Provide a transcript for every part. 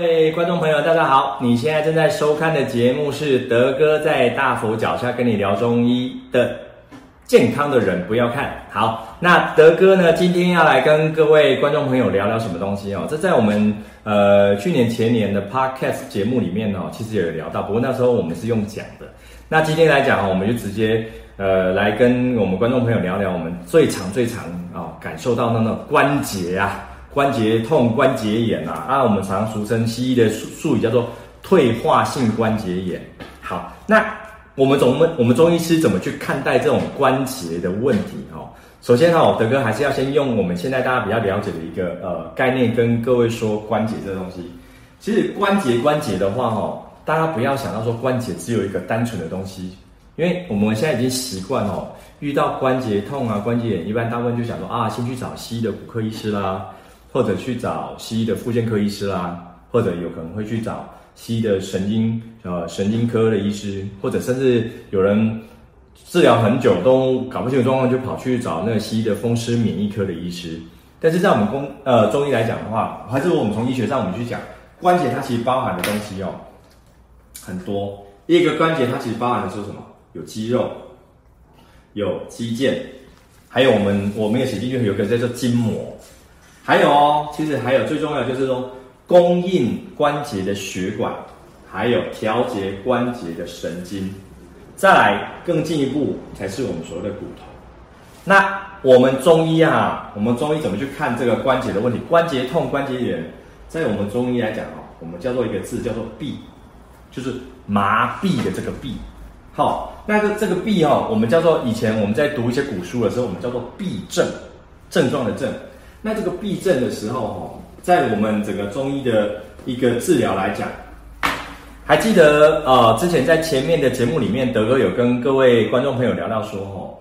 各位觀眾朋友，大家好！你現在正在收看的節目是德哥在大佛腳下跟你聊中醫的。健康的人不要看。好，那德哥呢，今天要來跟各位觀眾朋友聊聊什麼東西哦？這在我們呃去年前年的 podcast 節目裡面哦，其實也有聊到，不過那時候我們是用講的。那今天來講哦，我們就直接呃來跟我們觀眾朋友聊聊我們最常最常啊、哦，感受到那種關節啊。關節痛、關節炎吶、啊，啊，我們常常俗稱西醫的術術語叫做退化性關節炎。好，那我們怎麼，我們中醫師怎麼去看待這種關節的問題？哈，首先哈，德哥還是要先用我們現在大家比較了解的一個呃概念跟各位說，關節這東西。其實關節關節的話，哈，大家不要想到說關節只有一個單純的東西，因為我們現在已經習慣哦，遇到關節痛啊、關節炎，一般大部分就想說啊，先去找西醫的骨科醫師啦。或者去找西醫的復健科醫師啦、啊，或者有可能會去找西醫的神經呃神經科的醫師，或者甚至有人治療很久都搞不清楚狀況，就跑去找那個西醫的風濕免疫科的醫師。但是在我們中呃中醫來講的話，還是我們從醫學上我們去講關節，它其實包含的東西哦很多。第一個關節它其實包含的是什麼？有肌肉，有肌腱，還有我們我們沒有寫進去有一個叫做筋膜。還有哦，其實還有最重要就是說，供應關節的血管，還有調節關節的神經，再來更進一步才是我們所謂的骨頭。那我們中醫哈、啊，我們中醫怎麼去看這個關節的問題？關節痛、關節炎，在我們中醫來講哦，我們叫做一個字，叫做“痹”，就是麻痹的這個“痹”。好，那個這個“痹”哦，我們叫做以前我們在讀一些古書的時候，我們叫做“痹症”，症狀的“症”。那這個痹症的時候，齁，在我們整個中醫的一個治療來講，還記得呃，之前在前面的節目裡面，德哥有跟各位觀眾朋友聊到說，齁，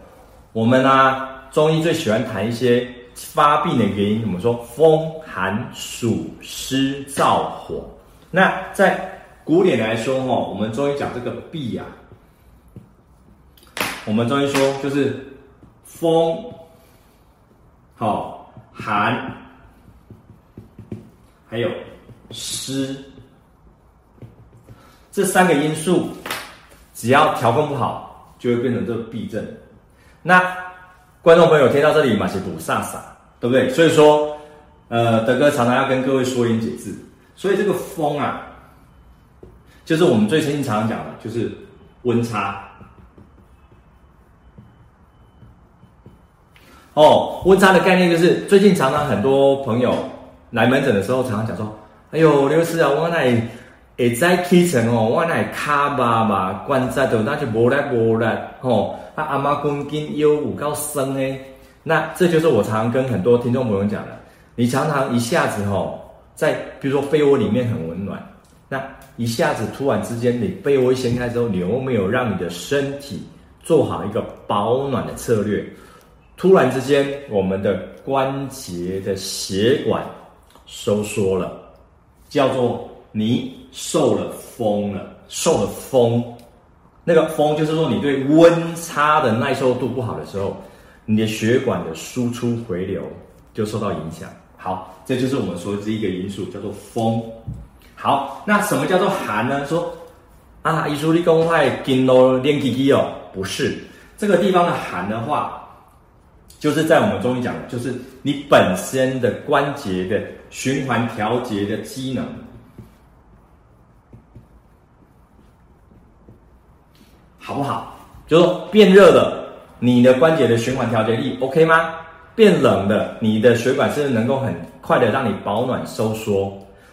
我們呢、啊、中醫最喜歡談一些發病的原因，我們說風寒暑濕燥火。那在古典來說，齁，我們中醫講這個痹啊，我們中醫說就是風，好、哦。寒，還有濕，這三個因素，只要調控不好，就會變成這個痹症。那觀眾朋友聽到這裡嘛是霧煞煞，對不對？所以說，呃，德哥常常要跟各位說音解字，所以這個風啊，就是我們最經常講的，就是溫差。哦，溫差的概念就是最近常常很多朋友來門診的時候，常常講說：“哎呦，劉醫師、哦、啊，我那也在基層哦，我那卡巴嘛關節的，那就無力無力。」哦，那阿媽公斤又有夠酸哎。”那這就是我常常跟很多聽眾朋友講的，你常常一下子哦，在比如說被窩裡面很溫暖，那一下子突然之間你被窩一掀開之後，你有沒有讓你的身體做好一個保暖的策略？突然之間，我們的關節的血管收縮了，叫做你受了風了，受了風。那個風就是說你對溫差的耐受度不好的時候，你的血管的輸出回流就受到影響。好，這就是我們說這一個因素，叫做風。好，那什麼叫做寒呢？說啊，一出立功快，金鑼練基地哦，不是這個地方的寒的話。就是在我們中醫講，就是你本身的關節的循環調節的機能好不好？就是說變熱了，你的關節的循環調節力 OK 嗎？變冷了，你的血管是不是能夠很快的讓你保暖收縮？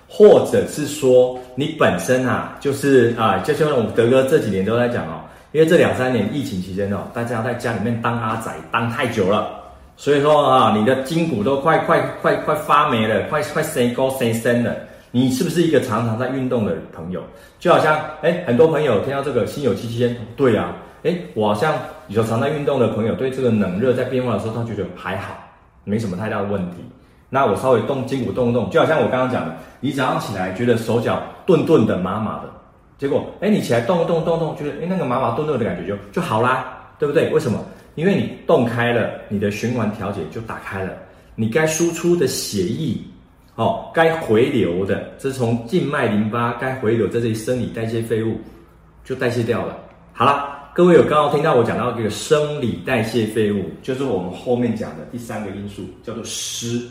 或者是說你本身啊，就是啊、呃，就像我們德哥這幾年都在講哦。因為這兩三年疫情期間哦，大家在家裡面當阿宅當太久了，所以說啊，你的筋骨都快快快快發黴了， 快 快生垢生身了。你是不是一個常常在運動的朋友？就好像哎，很多朋友聽到這個心有戚戚焉，對呀、啊，哎，我好像有常在運動的朋友，對這個冷熱在變化的時候，他覺得還好，沒什麼太大的問題。那我稍微動筋骨動一動，就好像我剛剛講的，你早上起來覺得手腳頓頓的麻麻的。結果，誒，你起來動一動，動動，就是誒那個麻麻頓頓的感覺就就好啦，對不對？為什麼？因為你動開了，你的循環調節就打開了，你該輸出的血液，哦，該回流的，這是從靜脈淋巴該回流在這裡，生理代謝廢物就代謝掉了。好啦，各位有剛剛聽到我講到這個生理代謝廢物，就是我們後面講的第三個因素叫做濕。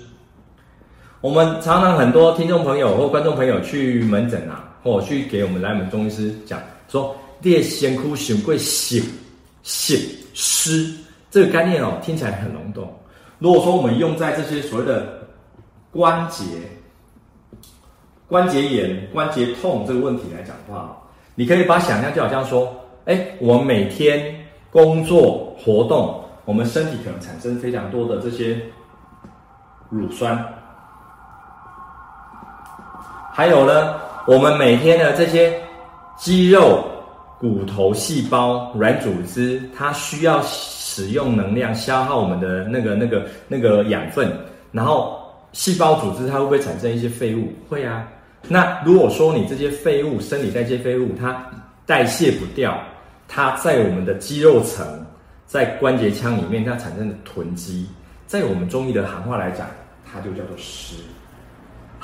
我們常常很多聽眾朋友或觀眾朋友去門診啊。我、哦、去給我們來門中醫師講說，列先枯先貴血血濕這個概念哦，聽起來很籠統。如果說我們用在這些所謂的關節、關節炎、關節痛這個問題來講的話，你可以把想象就好像說，哎，我們每天工作活動，我們身體可能產生非常多的這些乳酸，還有呢。我們每天的這些肌肉、骨頭、細胞、軟組織，它需要使用能量，消耗我們的那個、那個、那個養分。然後，細胞組織它會不會產生一些廢物？會啊。那如果說你這些廢物，生理代謝廢物，它代謝不掉，它在我們的肌肉層、在關節腔裡面，它產生的囤積，在我們中醫的行話來講，它就叫做濕。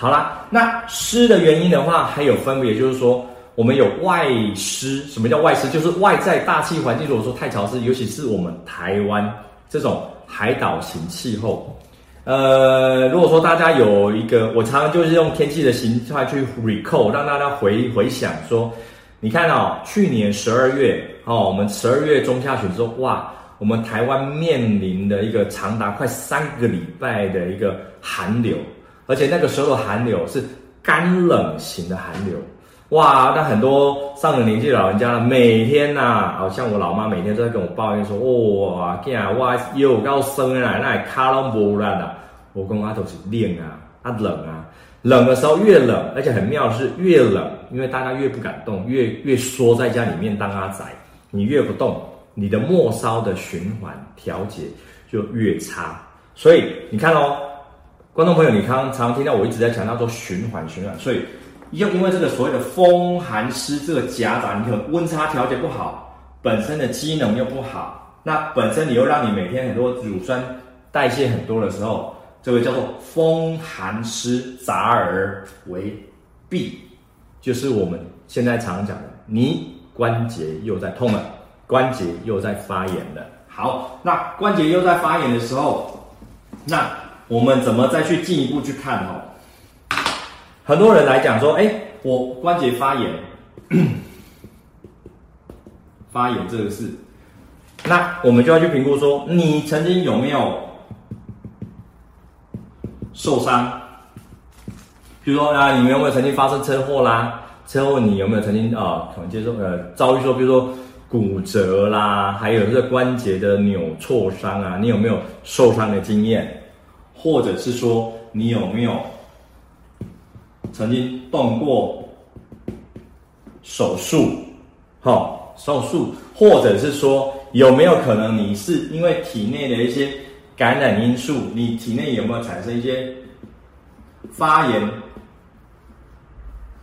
好啦，那濕的原因的話，還有分別，就是說，我們有外濕。什麼叫外濕？就是外在大氣環境，如果說太潮濕，尤其是我們台灣這種海島型氣候。呃，如果說大家有一個，我常常就是用天氣的形態去 recall，讓大家回回想說，你看哦，去年十二月哦，我們十二月中下旬的時候，哇，我們台灣面臨的一個長達快三個禮拜的一個寒流。而且那個時候的寒流是乾冷型的寒流，哇！那很多上了年紀的老人家呢，每天吶、啊，好像我老媽每天都在跟我抱怨說、 哦：“哇，今日我又要生了，那卡卡攏無啊，我講阿都是冷啊，他、啊、冷啊，冷的時候越冷，而且很妙的是越冷，因為大家越不敢動，越越縮在家裡面當阿宅，你越不動，你的末梢的循環調節就越差，所以你看哦。觀眾朋友，你剛剛常常聽到我一直在強調說循環循環，所以又因為這個所謂的風寒濕這個夾雜，你可能溫差調節不好，本身的機能又不好，那本身你又讓你每天很多乳酸代謝很多的時候，這個叫做風寒濕雜而為痹，就是我們現在常講的，你關節又在痛了，關節又在發炎了。好，那關節又在發炎的時候，那。我們怎麼再去進一步去看哦？很多人來講說，哎，我關節發炎，發炎這個事，那我們就要去評估說，你曾經有沒有受傷？比如說啊，你們有沒有曾經發生車禍啦？車禍你有沒有曾經啊，可能接受，呃遭遇說，比如說骨折啦，還有這個關節的扭挫傷啊，你有沒有受傷的經驗？或者是說你有沒有曾經動過手術？好、哦，手術，或者是說有沒有可能你是因為體內的一些感染因素，你體內有沒有產生一些發炎、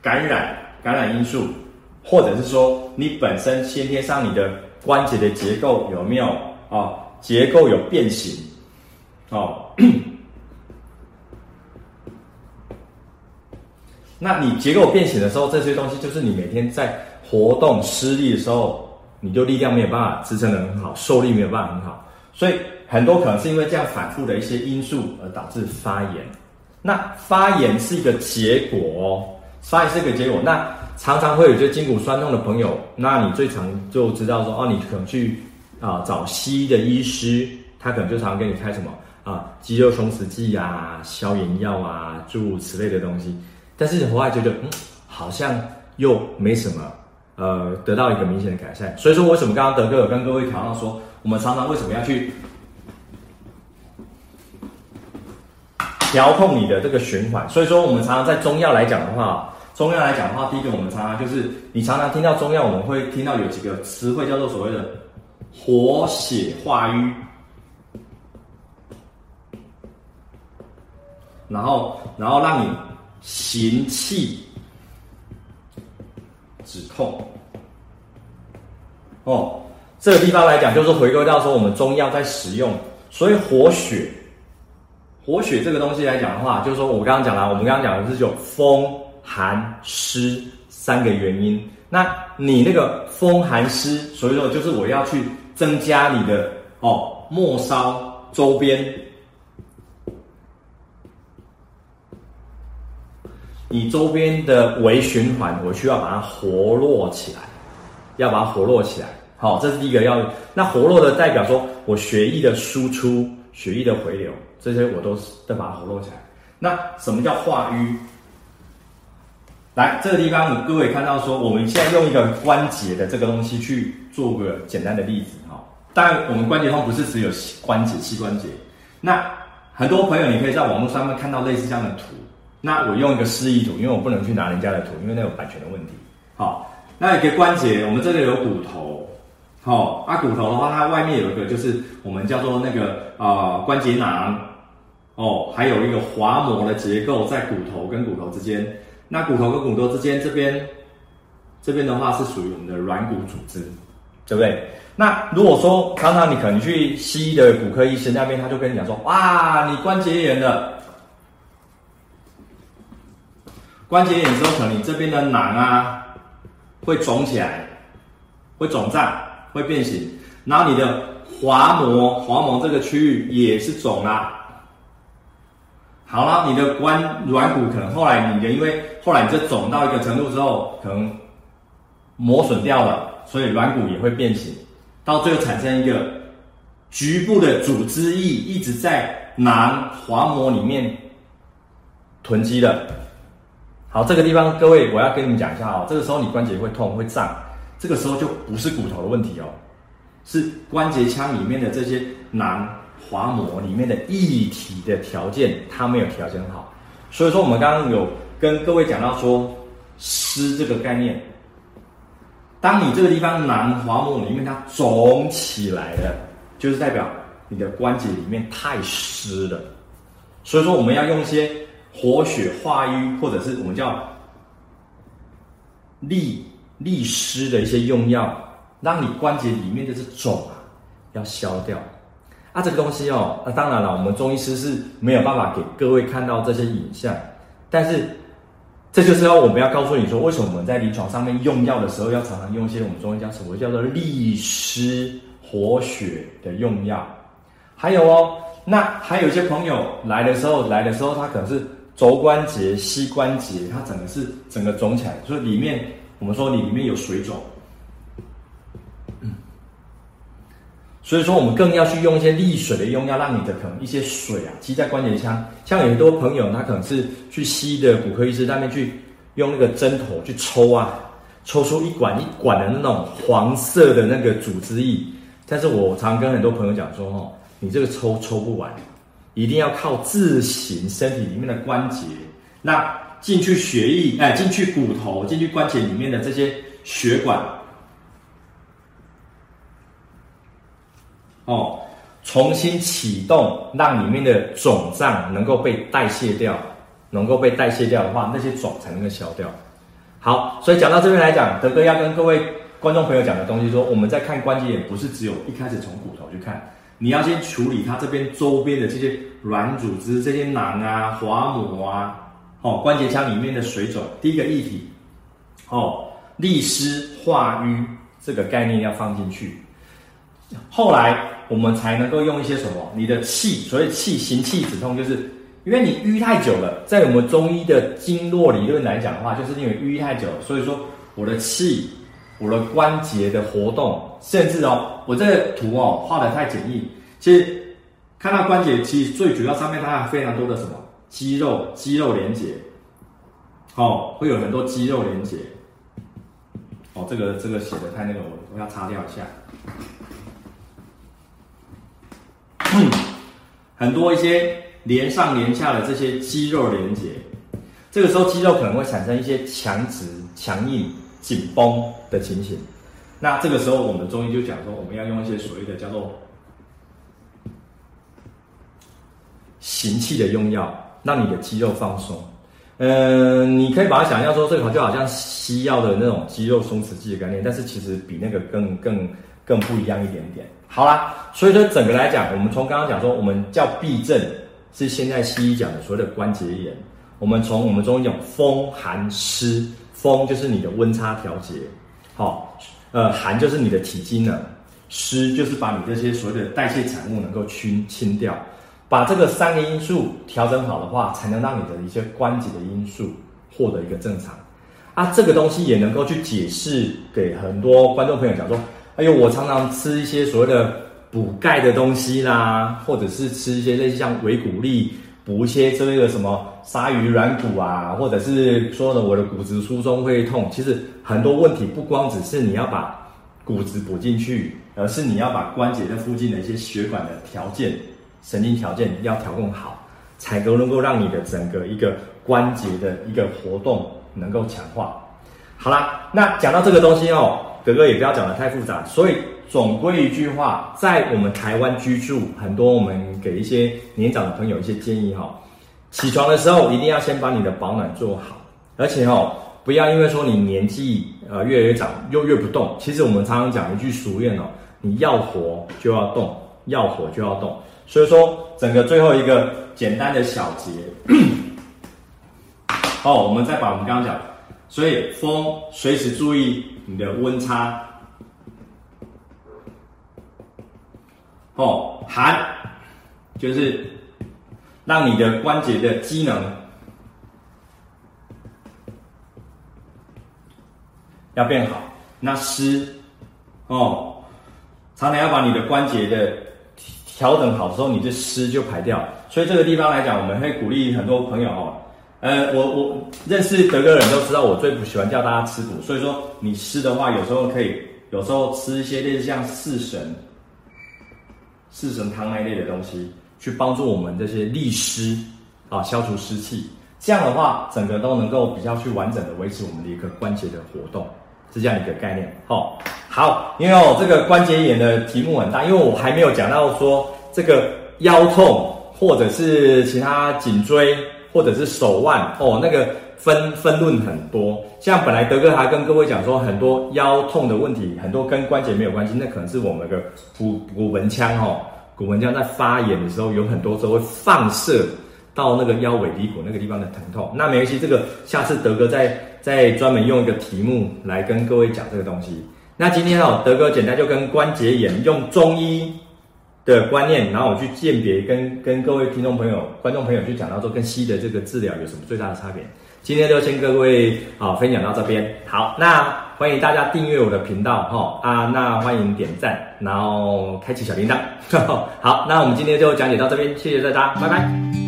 感染、感染因素？或者是說你本身先天上你的關節的結構有沒有啊、哦？結構有變形？哦。那你結構變形的時候，這些東西就是你每天在活動施力的時候，你就力量沒有辦法支撐得很好，受力沒有辦法很好，所以很多可能是因為這樣反覆的一些因素而導致發炎。那發炎是一個結果哦，發炎是一個結果。那常常會有些筋骨酸痛的朋友，那你最常就知道說，哦，你可能去啊、呃、找西醫的醫師，他可能就常常給你開什麼啊、呃、肌肉鬆弛劑啊、消炎藥啊諸如此類的東西。但是你回來覺得，嗯，好像又沒什麼，呃，得到一個明顯的改善。所以說，為什麼剛剛德哥有跟各位談到說，我們常常為什麼要去調控你的這個循環？所以說，我們常常在中藥來講的話，中藥來講的話，第一個我們常常就是，你常常聽到中藥，我們會聽到有幾個詞彙叫做所謂的活血化瘀，然後，然後讓你。行氣止痛哦，這個地方來講就是回歸到說我們中藥在使用，所以活血，活血這個東西來講的話，就是說我剛剛講了，我們剛剛講的是有風寒濕三個原因，那你那個風寒濕，所以說就是我要去增加你的哦末梢周邊。以周邊的微循環，我需要把它活絡起來，要把它活絡起來。好、哦，這是第一個要。那活絡的代表說，我血液的輸出、血液的回流，這些我都得把它活絡起來。那什麼叫化瘀？來這個地方，各位看到說，我們現在用一個關節的這個東西去做個簡單的例子哈。當然，我們關節痛不是只有關節、膝關節。那很多朋友，你可以在網絡上面看到類似這樣的圖。那我用一個示意圖，因為我不能去拿人家的圖，因為那有版權的問題。好，那一個關節，我們這裡有骨頭。好、哦，那、啊、骨頭的話，它外面有一個就是我們叫做那個啊、呃、關節囊。哦，還有一個滑膜的結構在骨頭跟骨頭之間。那骨頭跟骨頭之間這邊，這邊的話是屬於我們的軟骨組織，對不對？那如果說常常你可能去西醫的骨科醫生那邊，他就跟你講說，哇，你關節炎了。關節炎之後，可能你這邊的囊啊會腫起來，會腫脹，會變形。然後你的滑膜、滑膜這個區域也是腫啦、啊。好了，你的關軟骨可能後來你的因為後來你這腫到一個程度之後，可能磨損掉了，所以軟骨也會變形，到最後產生一個局部的組織液一直在囊滑膜裡面囤積的。好，這個地方，各位，我要跟你們講一下哦。這個時候你關節會痛、會脹，這個時候就不是骨頭的問題哦，是關節腔裡面的這些囊滑膜裡面的液體的條件它沒有調整好。所以說，我們剛剛有跟各位講到說濕這個概念，當你這個地方囊滑膜裡面它腫起來了，就是代表你的關節裡面太濕了。所以說，我們要用一些。活血化瘀，或者是我們叫利利濕的一些用藥，讓你關節裡面的這個腫啊要消掉。啊，這個東西哦，那、啊、當然了，我們中醫師是沒有辦法給各位看到這些影像，但是這就是要我們要告訴你說，為什麼我們在臨床上面用藥的時候要常常用一些我們中醫叫什麼叫做利濕活血的用藥。還有哦，那還有一些朋友來的時候，來的時候他可能是。肘關節、膝關節，它整個是整個腫起來，就是裡面我們說，你裡面有水腫，所以說我們更要去用一些利水的用藥，讓你的可能一些水啊積在關節腔。像很多朋友他可能是去西醫的骨科醫師那邊去用那個針頭去抽啊，抽出一管一管的那種黃色的那個組織液，但是我常跟很多朋友講說，哦，你這個抽抽不完。一定要靠自行身體裡面的關節，那進去血液，哎，進去骨頭，進去關節裡面的這些血管，哦，重新啟動，讓裡面的腫脹能夠被代謝掉，能夠被代謝掉的話，那些腫才能夠消掉。好，所以講到這邊來講，德哥要跟各位觀眾朋友講的東西說，說我們在看關節炎，不是只有一開始從骨頭去看。你要先處理它這邊周邊的這些軟組織、這些囊啊、滑膜啊、哦關節腔裡面的水腫。第一個議題，哦利濕化瘀這個概念要放進去。後來我們才能夠用一些什麼？你的氣，所以氣行氣止痛，就是因為你瘀太久了。在我們中醫的經絡理論來講的話，就是因為瘀太久，所以說我的氣，我的關節的活動。甚至哦，我這個圖哦畫的太簡易。其實看到關節，其實最主要上面它還有非常多的什麼肌肉，肌肉連接，哦，會有很多肌肉連接。哦，這個這個寫的太那個，我要擦掉一下，嗯。很多一些連上連下的這些肌肉連接，這個時候肌肉可能會產生一些強直、強硬、緊繃的情形。那這個時候，我們中醫就講說，我們要用一些所謂的叫做行氣的用藥，讓你的肌肉放鬆。嗯，你可以把它想象說，這個就好像西藥的那種肌肉鬆弛劑的概念，但是其實比那個更、更、更不一樣一點點。好啦，所以說整個來講，我們從剛剛講說，我們叫痹症，是現在西醫講的所謂的關節炎。我們從我們中醫講風寒濕，風就是你的溫差調節，好。呃，寒就是你的體積呢，濕就是把你這些所謂的代謝產物能夠清清掉，把這個三個因素調整好的話，才能讓你的一些關節的因素獲得一個正常。啊，這個東西也能夠去解釋給很多觀眾朋友講說，哎呦，我常常吃一些所謂的補鈣的東西啦，或者是吃一些類似像維骨力。補一些這個什麼鯊魚軟骨啊，或者是說的我的骨質疏鬆會痛，其實很多問題不光只是你要把骨質補進去，而是你要把關節的附近的一些血管的條件、神經條件要調控好，才能夠讓你的整個一個關節的一個活動能夠強化。好啦，那講到這個東西哦，哥哥也不要講得太複雜，所以。總歸一句話，在我們台灣居住，很多我們給一些年長的朋友一些建議哈。起床的時候一定要先把你的保暖做好，而且哦，不要因為說你年紀呃越來越長又越、越不動。其實我們常常講一句俗諺哦，你要活就要動，要活就要動。所以說，整個最後一個簡單的小結， 好，我們再把我們剛剛講，所以風隨時注意你的溫差。哦，寒就是讓你的關節的機能要變好。那濕哦，常常要把你的關節的調整好之後，你的濕就排掉。所以這個地方來講，我們會鼓勵很多朋友哦。呃，我我認識德國人都知道，我最不喜歡叫大家吃苦。所以說，你濕的話，有時候可以，有時候吃一些類似像四神。四神湯那類的東西，去幫助我們這些利濕啊，消除濕氣，這樣的話，整個都能夠比較去完整的維持我們的一個關節的活動，是這樣一個概念。好、哦，好，因為我這個關節炎的題目很大，因為我還沒有講到說這個腰痛，或者是其他頸椎，或者是手腕，哦，那個。分分論很多，像本來德哥還跟各位講說，很多腰痛的問題，很多跟關節沒有關係，那可能是我們的骨骨盆腔哦，骨盆腔在發炎的時候，有很多時候會放射到那個腰尾骶骨那個地方的疼痛。那沒關係，這個下次德哥再再專門用一個題目來跟各位講這個東西。那今天哦，德哥簡單就跟關節炎用中醫的觀念，然後我去鑑別跟跟各位聽眾朋友、觀眾朋友去講到說，跟西醫的這個治療有什麼最大的差別。今天就先跟各位啊分享到這邊，好，那歡迎大家訂閱我的頻道哈、哦、啊，那歡迎點讚，然後開啟小鈴鐺， 好，那我們今天就講解到這邊，謝謝大家，拜拜。